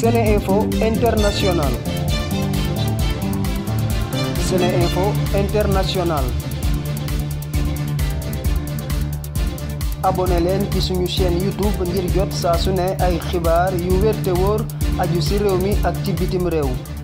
Seneinfo International Seneinfo International abonné leen ci suñu chaîne YouTube ngir jot saa su ne ay xibaar yu wér wor wóor aju ci réew mi ak ci bitim réew